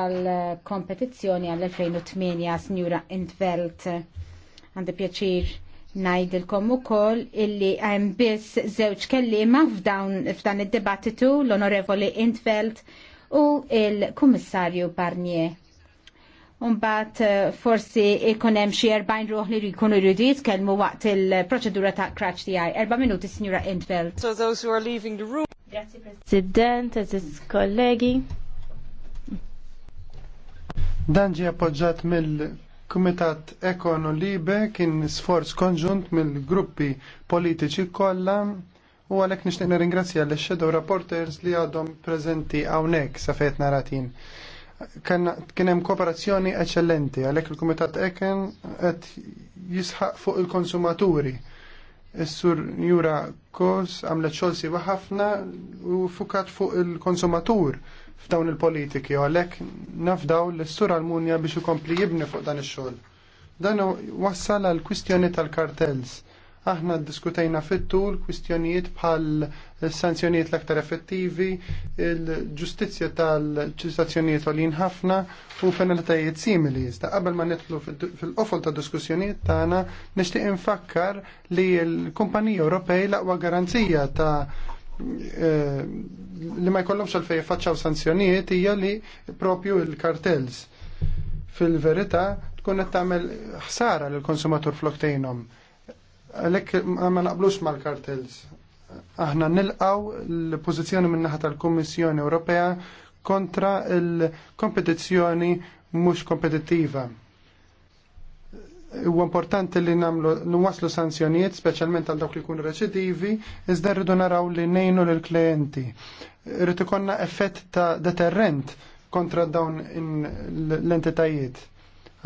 għal kompetizzjoni għal 2008 Signora Intvelt għandi pjaċir najdilkom u koll illi għem bis zewċ kellima f'dan id-debattitu l-Onorevoli Intvelt u il-Kummissarju Barnier. Umbat eh, forsi ikonem xie 40 ruħ li jkunu jridu jitkellmu waqt il-proċedura ta' Cratch TI. Erba minuti, Signora Intvelt. So those who are leaving the room. Grazie, President, aziz kollegi. Dan ġie mill-Kumitat Ekonu Libe kien sforz konġunt mill-gruppi politiċi kollha u għalhekk nixtieq nirringrazzja l shadow Rapporters li għadhom preżenti hawnhekk sa fejt naratin. Kien hemm kooperazzjoni eċċellenti għalhekk il-Kumitat Eken qed jisħaq fuq il-konsumaturi. Is-sur Jura Kos għamlet xolsi ħafna u fukat fuq il-konsumatur f'dawn il-politiki u għalhekk nafdaw l l-munja biex ikompli jibni fuq dan ix-xogħol. Dan wassal għal kwistjoni tal-kartels. Aħna ddiskutejna fit-tul kwistjonijiet bħal sanzjonijiet l-aktar effettivi, il-ġustizzja tal-ċistazzjonijiet għolin ħafna u penaltajiet simili. Iżda qabel ma nitlu fil-qofol ta' diskussjonijiet tagħna nixtieq infakkar li l-Kumpanija Ewropej laqwa garanzija ta' Eh, li ma jkollhomx fejn faċċaw sanzjonijiet hija li propju il-kartels fil-verità tkun qed tagħmel ħsara lill konsumatur floktejnhom. Għalhekk ma naqblux mal-kartels. Aħna nilqaw l-pożizzjoni min naħa tal-Kummissjoni Ewropea kontra l kompetizzjoni mhux kompetittiva huwa importanti li namlu nwaslu sanzjonijiet, speċjalment għal dawk li jkunu reċidivi, iżda rridu naraw li nejnu lill klienti Rrid ikollna effett ta' deterrent kontra dawn l-entitajiet.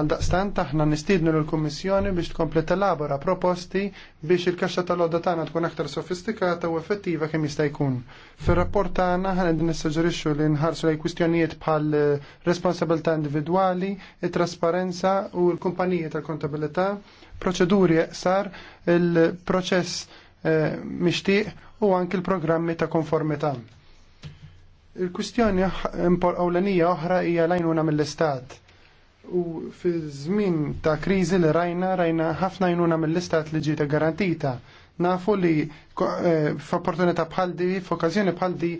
Għaldaqstant aħna nistiednu l-Kummissjoni biex tkompli telabora proposti biex il-kaxxa tal-għodda tagħna tkun aktar sofistikata u effettiva kemm jista' jkun. Fir-rapport tagħna ħan qegħdin nissuġġerixxu li nħarsu lej kwistjonijiet bħal responsabilità individwali, it-trasparenza u l-kumpaniji tal-kontabilità, proċeduri eqsar, il-proċess eh, mixtieq u anke l-programmi ta' konformità. Il-kwistjoni ewlenija oħra hija lajnuna mill-Istat u fi żmien ta' kriżi li rajna rajna ħafna jnuna mill-istat li ġieta garantita. Nafu li eh, f'opportunità bħal di, f'okkazjoni bħal di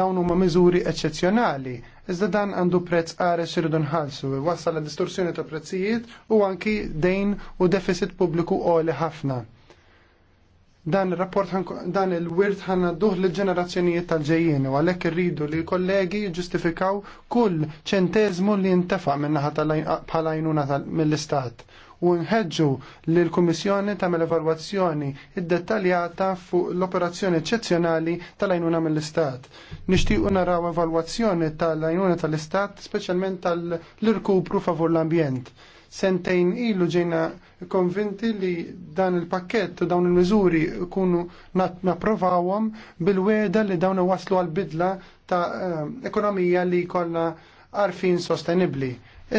dawn huma miżuri eċċezzjonali. Iżda dan għandu prezz qares xirridu nħallsu, wassal la distorsjoni ta' prezzijiet u anki dejn u deficit pubbliku għoli ħafna. Dan il-rapport, dan il-wirt ħanna duħ l-ġenerazzjonijiet tal-ġejjien u għalhekk irridu li kollegi ġustifikaw kull ċentezmu li jintefa minnaħa bħala jnuna mill-istat u nħedġu li l-Kummissjoni tagħmel evalwazzjoni iddettaljata fuq l-operazzjoni eċċezzjonali tal-għajnuna mill-Istat. Nixtiequ naraw evalwazzjoni tal-għajnuna tal-Istat, speċjalment tal-irkupru favur l-ambjent sentejn ilu ġejna konvinti li dan il-pakket u dawn il-miżuri kunu naprovawhom bil-weda li dawn waslu għal-bidla ta' eh, ekonomija li kollha arfin sostenibli.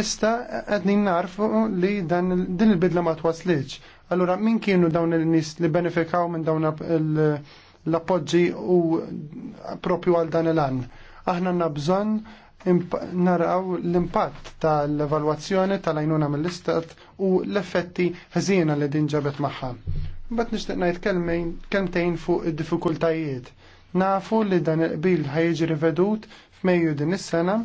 Ista għedni narfu li dan, din il-bidla ma twasliċ. Allura, min kienu dawn il-nis li benefikaw minn dawn l-appoġġi u propju għal dan il an Aħna nabżon naraw l-impatt tal-evalwazzjoni tal-għajnuna mill-istat u l-effetti ħażina li din ġabet magħha. Bat nixtieq ngħid kelmtejn fuq id-diffikultajiet. Nafu li dan il-qbil ħajġi rivedut f'Mejju din is-sena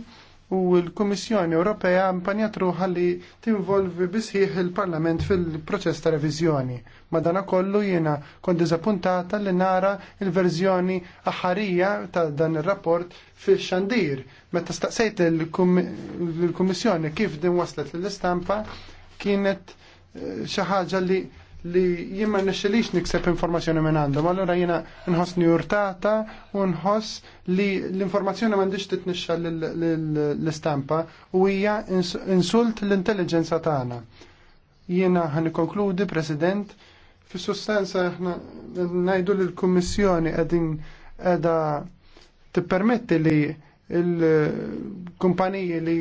u l-Kummissjoni Ewropea impanjat ruħa li tinvolvi bisħiħ il-Parlament fil-proċess ta' reviżjoni. Madanakollu jiena kont diżappuntata li nara il-verżjoni aħarija ta' dan ir-rapport fil-xandir. Meta staqsejt il-Kummissjoni kif din waslet l-istampa kienet eh, xi ħaġa li li jien ma nixxilix nikseb informazzjoni minn għandhom, allura jiena nħoss njurtata u nħoss li l-informazzjoni m'għandix titnixxa l-istampa u hija insult l-intelligenza tagħna. Jiena ħan konkludi, President, fis sustanza ngħidu li l-Kummissjoni qegħdin qiegħda tippermetti li il-kumpaniji li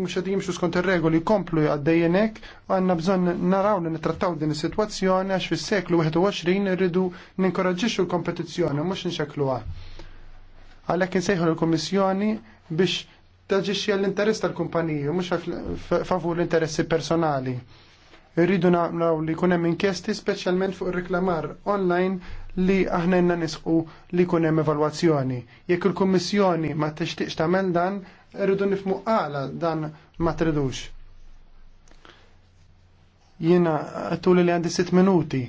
mhux qed jimxu skont ir-regoli jkomplu għaddejjenek u għandna bżonn naraw li nittrattaw din is-sitwazzjoni għax fis-seklu 21 irridu ninkoraġġixxu l-kompetizzjoni mhux għa. Għalhekk insejħu l-Kummissjoni biex taġixxi l-interess tal-kumpaniji mhux favur l-interessi personali. Irridu naqmlaw li kunem inkjesti specialment fuq reklamar online li aħna jenna nisqu li kunem evalwazzjoni. Jekk il-Kummissjoni ma tixtiqx tagħmel dan, irridu nifmu għala dan ma tridux. Jiena għattuli li għandi sitt minuti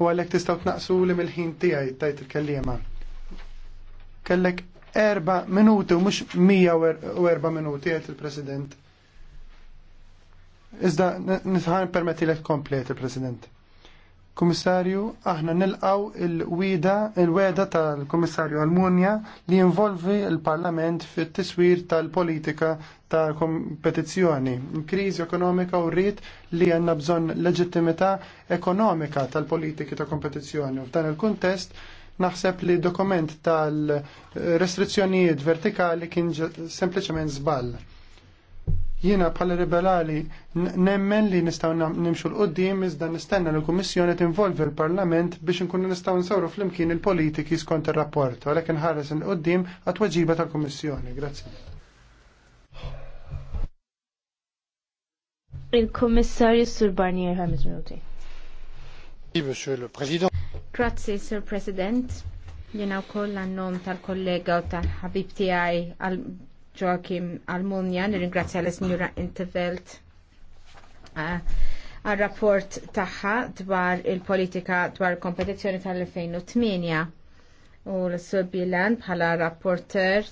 u għalhekk t-naqsu li mill-ħin tiegħi tajt il-kellima. Kellek erba' minuti u mhux 104 u erba' minuti għajt il-President. Iżda nisħan permetti l komplet il-President. Komissarju, aħna nilqaw il-wida, il-weda tal-Komissarju Almunja li involvi il-Parlament fit tiswir tal-politika ta' kompetizzjoni, krizi ekonomika u rrit li għanna bżon leġittimità ekonomika tal-politiki ta' kompetizzjoni. F'dan il-kontest, naħseb li dokument tal-restrizzjonijiet vertikali kien sempliciment zball. Jiena bħala liberali nemmen li nistgħu nimxu l-qoddim iżda nistenna li l-Kummissjoni tinvolvi l-Parlament biex nkunu nistgħu nsawru flimkien il-politiki skont ir-rapport, għalhekk inħares l qoddim għat-tweġiba tal-Kummissjoni. Grazzi. Il-Kummissarju Sur Barnier ħamiz minuti. Monsieur iva, le Président. Grazzi, Sir President. Jena u koll għannom tal-kollega u tal-ħabib tijaj Joachim Almunja, nir-ingrazzja l-Signora Intervelt eh, għal rapport taħħa dwar il-politika dwar kompetizzjoni tal-2008 u l-Sur Bilan bħala rapporter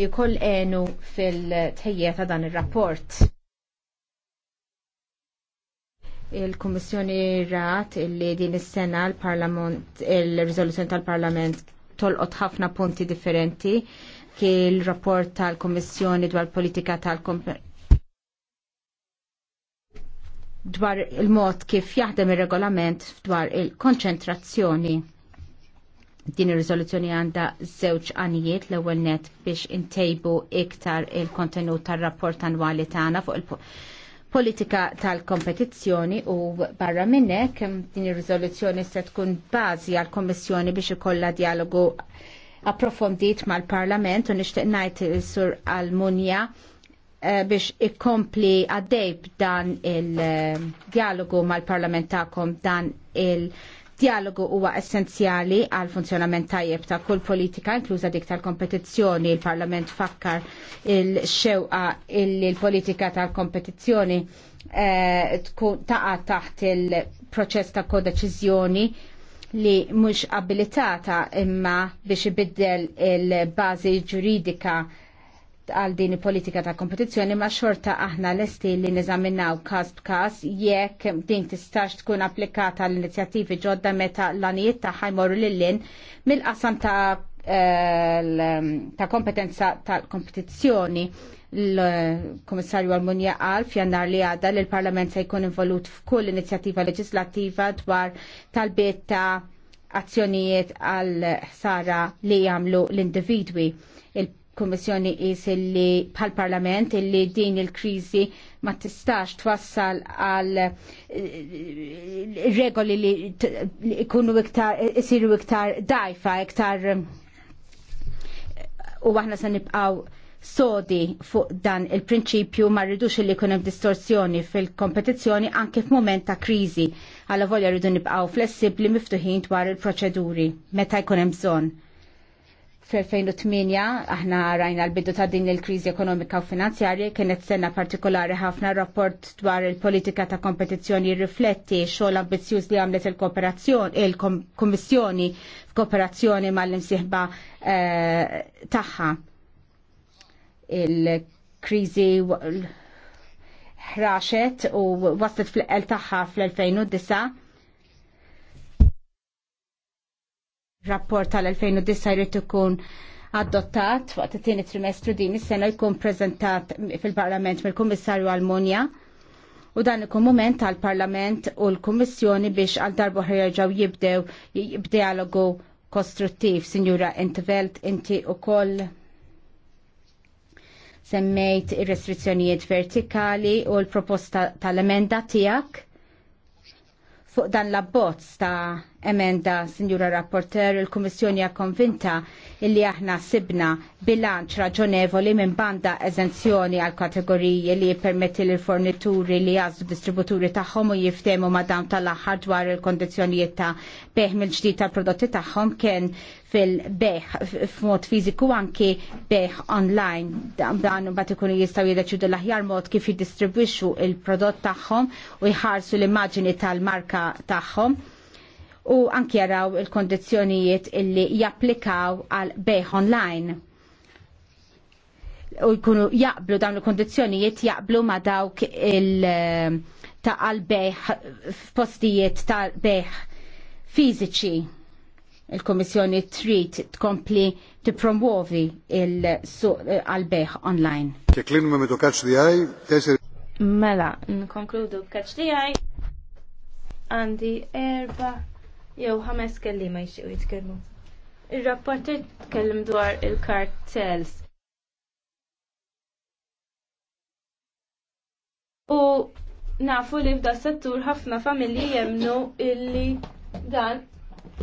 li koll enu fil-tejja ta' dan il-rapport. Il-Kummissjoni rat illi din is-sena l-Parlament il-riżoluzzjoni tal-Parlament tolqot ħafna punti differenti ki l-rapport tal-Kummissjoni dwar politika tal dwar il-mod kif jaħdem ir-regolament dwar il-konċentrazzjoni. Din ir-riżoluzzjoni għandha żewġ għanijiet l-ewwel net biex intejbu iktar il-kontenut tar-rapport annwali tagħna fuq il- punt politika tal-kompetizzjoni u barra minnek din ir-riżoluzzjoni se tkun bażi għal kommissjoni biex ikollha dialogu approfondit mal-Parlament u nixtieq ngħid eh, sur Almunja eh, biex ikkompli għaddejb dan il-dialogu eh, mal-parlament ta'kom dan il- Dialogu huwa essenzjali għal funzjonament tajjeb ta' kull politika, inkluża dik tal-kompetizzjoni. Il-Parlament fakkar il-xewqa il-politika tal-kompetizzjoni eh, taqa taħt il-proċess ta' kodeċiżjoni li mhux abilitata imma biex ibiddel il-bażi ġuridika għal din politika ta' kompetizzjoni ma' xorta aħna l-esti li nizaminaw kas b'kas jekk din tistax tkun applikata l-inizjattivi ġodda meta l-anijiet ta' ħajmorru l-lin mill-qasam ta' eh, ta' kompetenza tal-kompetizzjoni l-Komissarju Almunja għal fjannar li għadda li l-Parlament se jkun involut f'kull inizjattiva leġislattiva dwar tal-biet ta' azzjonijiet għal ħsara li jagħmlu l-individwi. Kummissjoni kommissjoni is li bħal Parlament li din il-krizi ma tistax twassal għal eh, eh, regoli li ikunu iktar, isiru iktar dajfa, iktar eh, u għahna se nibqaw sodi fuq dan il-prinċipju ma rridux li jkun hemm distorsjoni fil-kompetizzjoni anke f'mument ta' kriżi għal volja rridu nibqgħu flessibbli miftuħin dwar il-proċeduri meta jkun hemm bżonn F-2008 aħna rajna l-bidu ta' din il-krizi ekonomika u finanzjarja kienet sena partikolari ħafna rapport dwar il-politika ta' kompetizzjoni rifletti xogħol ambizzjuż li għamlet il-kooperazzjoni il-kommissjoni f'kooperazzjoni mal-imsieħba eh, tagħha. Il-krizi ħraxet u waslet fl-qel tagħha fl-2009 rapport tal-2009 jrid ikun adottat waqt it-tieni trimestru din is-sena jkun preżentat fil-Parlament mill-Kummissarju Almonja u dan ikun moment tal-Parlament u l-Kummissjoni biex għal darba jerġgħu jibdew dialogu kostruttiv, Sinjura Entvelt, inti u koll semmejt ir-restrizzjonijiet vertikali u l-proposta tal-emenda tiegħek fuq dan l-abbozz ta' emenda, Sinjura Rapporter, il-Kummissjoni hija konvinta illi aħna sibna bilanċ raġonevoli minn banda eżenzjoni għal kategoriji li jippermetti l fornituri li jazdu distributuri tagħhom u jiftemu ma' dawn tal-aħħar dwar il-kondizzjonijiet ta' beħ ġdid tal-prodotti tagħhom kien fil-beħ f'mod fiżiku anki beħ online. Dan bat ikunu jistgħu jidaċu l-aħjar mod kif jiddistribwixxu il-prodott tagħhom u jħarsu l immagini tal-marka tagħhom u anki jaraw il-kondizzjonijiet illi japplikaw għal beħ online u jkunu jaqblu dawn il-kondizjonijiet jaqblu ma dawk il- ta' għal-beħ, f'postijiet ta' beħ fiziċi il-Komissjoni trid tkompli tippromuovi il-suq eh, għal-beħ online. Teklin me metu kaċ għaj, teser. Mela, nkonkludu b'kaċ għaj. Għandi erba jew ħames kellima u jitkellmu. il rapporti tkellim dwar il-kartels. U nafu li f'da settur ħafna familji jemnu illi dan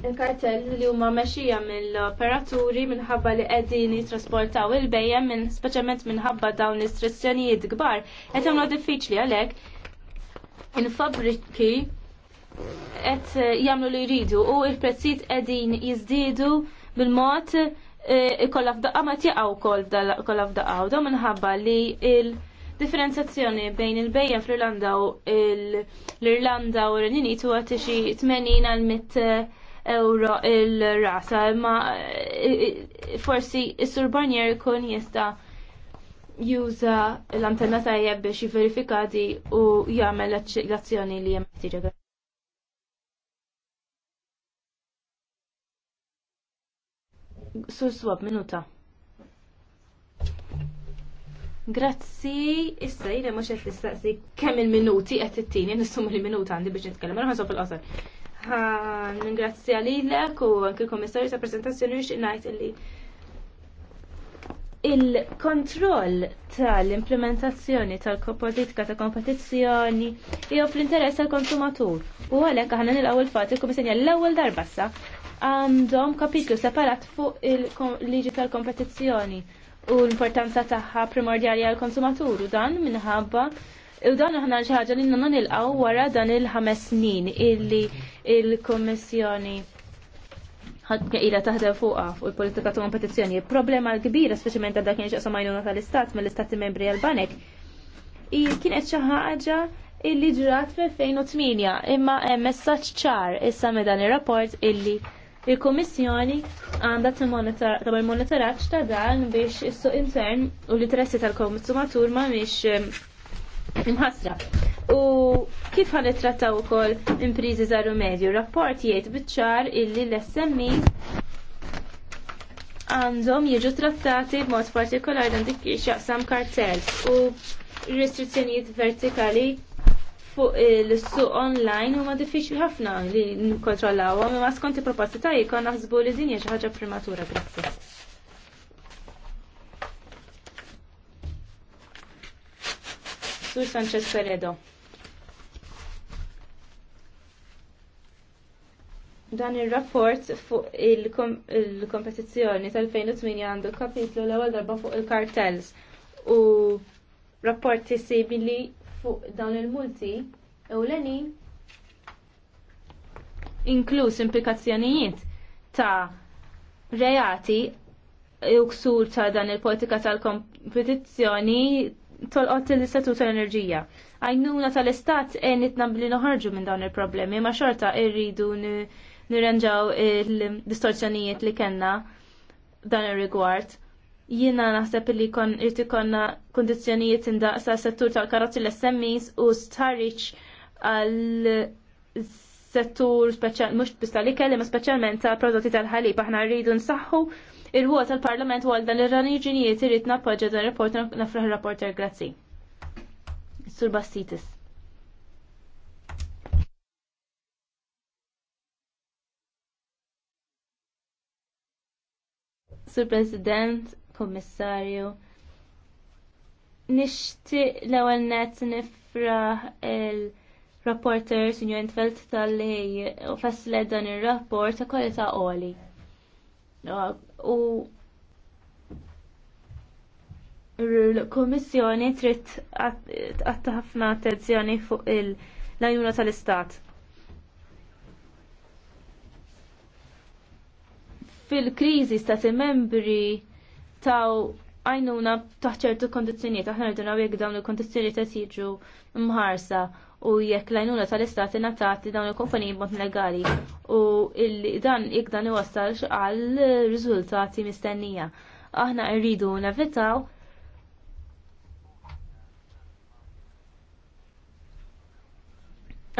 il-kartell li huma mexija mill-operaturi minħabba li qegħdin jitrasportaw il-bejjem minn speċjalment minħabba dawn l-istrizzjonijiet kbar qed jagħmlu diffiċli għalhekk il-fabriki qed eh, jagħmlu li jridu u l-prezzijiet qegħdin jiżdiedu bil-mod eh, ikolla f'daqqa ma tjaqgħu wkoll kollha f'daqqa u minħabba li il- differenzjazzjoni bejn il-bejja fl-Irlanda u l-Irlanda u l-Renini tuwa tixi 80 għal 100 euro il rasa imma eh, eh, forsi is-sur Barnier kun jista' juża l-antenna tajjeb biex jiverifikati u jagħmel l-azzjoni li hemm ħtieġa. Sur swab minuta. Grazzi, issa jina mux għet tistaqsi kemm il-minuti għet tittini tini nissum il-minuta għandi biex nitkellem, għan fil-qasar. Ningrazzja lilek u anki l-Kommissarju ta' prezentazzjoni biex ngħid illi il-kontroll tal-implementazzjoni tal-politika ta' kompetizzjoni hija fl-interess tal-konsumatur. U għalhekk aħna nil il-fatt il-Kummissjoni l-ewwel darba sa għandhom kapitlu separat fuq il-liġi tal-kompetizzjoni u l-importanza tagħha primordjali għall konsumatur u dan minħabba U dan aħna xi ħaġa li nagħmlu nilqgħu wara dan il-ħames snin illi il-Kummissjoni ila taħdem fuqha fuq il-politika ta' kompetizzjoni. Il-problema l-kbira speċjalment dak kien xaqsa majnuna tal-istat mill-istati membri għal-banek kienet xi ħaġa illi ġrat fl-2008 imma hemm messaġġ ċar issa me dan ir-rapport illi il-Kummissjoni għandha tagħmel monitoraġġ ta' dan biex is-suq intern u l-interessi tal-konsumatur ma miex imħasra. U kif ħan trattaw kol imprizi żaru medju? Rapport jgħid biċ-ċar illi l-SMI e għandhom jiġu trattati b'mod partikolari għand dik xaqsam kartell u restrizzjonijiet vertikali fuq l-suq online huma diffiċli ħafna li nkontrollawhom imma skont i proposti tajjek naħsbu li din hija xi ħaġa primatura grazzi. Sur Sanchez Peredo. Dan il-rapport fuq il-kompetizzjoni tal-2008 għandu kapitlu l-ewwel darba fuq il-kartels u rapport tisibili fuq dawn il-multi ewleni inkluż implikazzjonijiet ta' reati u ksur ta' dan il-politika tal-kompetizzjoni tolqot l-istatut tal-enerġija. Għajnuna tal-istat enitna billi noħarġu minn dawn il-problemi, ma xorta irridu nirranġaw il-distorzjonijiet li kena dan il-rigward. Jina naħseb li kon irti konna kondizjonijiet indaqsa settur tal-karotzi l-SMEs u starriċ għal settur speċjal, mux bista li kelli, ma speċjalment tal prodotti tal-ħalib, aħna rridu nsaħħu il-ħuwa tal-Parlament u għaldan l-raniġinijiet irrit nappoġġa dan rapport nafraħ reporter rapporter grazzi. Sur Bastitis. Sur President, Kommissarju, nishti l-ewwel net nifraħ il- rapporter Sinjor Entfeld tal-li fasle dan ir rapport ta' kwalità għoli u l-Komissjoni trid tqatta ħafna attenzjoni fuq il-lajnuna tal-Istat. Fil-kriżi stati membri taw għajnuna taħt ċertu taħna aħna rridu naw jekk dawn il kondizjoniet jiġu mħarsa u jekk l-għajnuna tal-istati natati dawn il-kumpaniji b'mod legali u dan jekk dan iwassalx għal riżultati mistennija. Aħna rridu nevitaw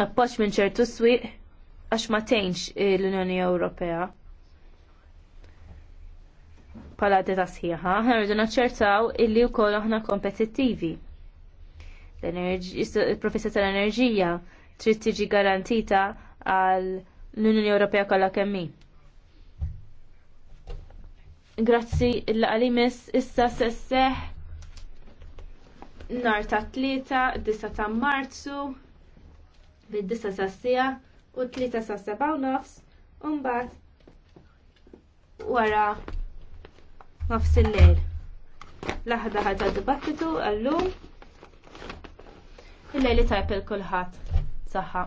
appoġġ minn ċertu swieq għax ma tgħinx l-Unjoni Ewropea pala deta sħiħa, ħna rridu naċċertaw illi wkoll aħna kompetittivi il-professa tal-enerġija trid tiġi garantita għal l-Unjoni Ewropea kollha kemm hi. Grazzi l-qalimis issa sesseħ nar ta' tlieta, disa ta' marzu, bid-disa sa' sija u tlieta sa' seba' u nofs, umbat wara nofs il-lejl. Laħda ħadda dibattitu għallum. Il-lejli tajp il-kulħat. Saħħa.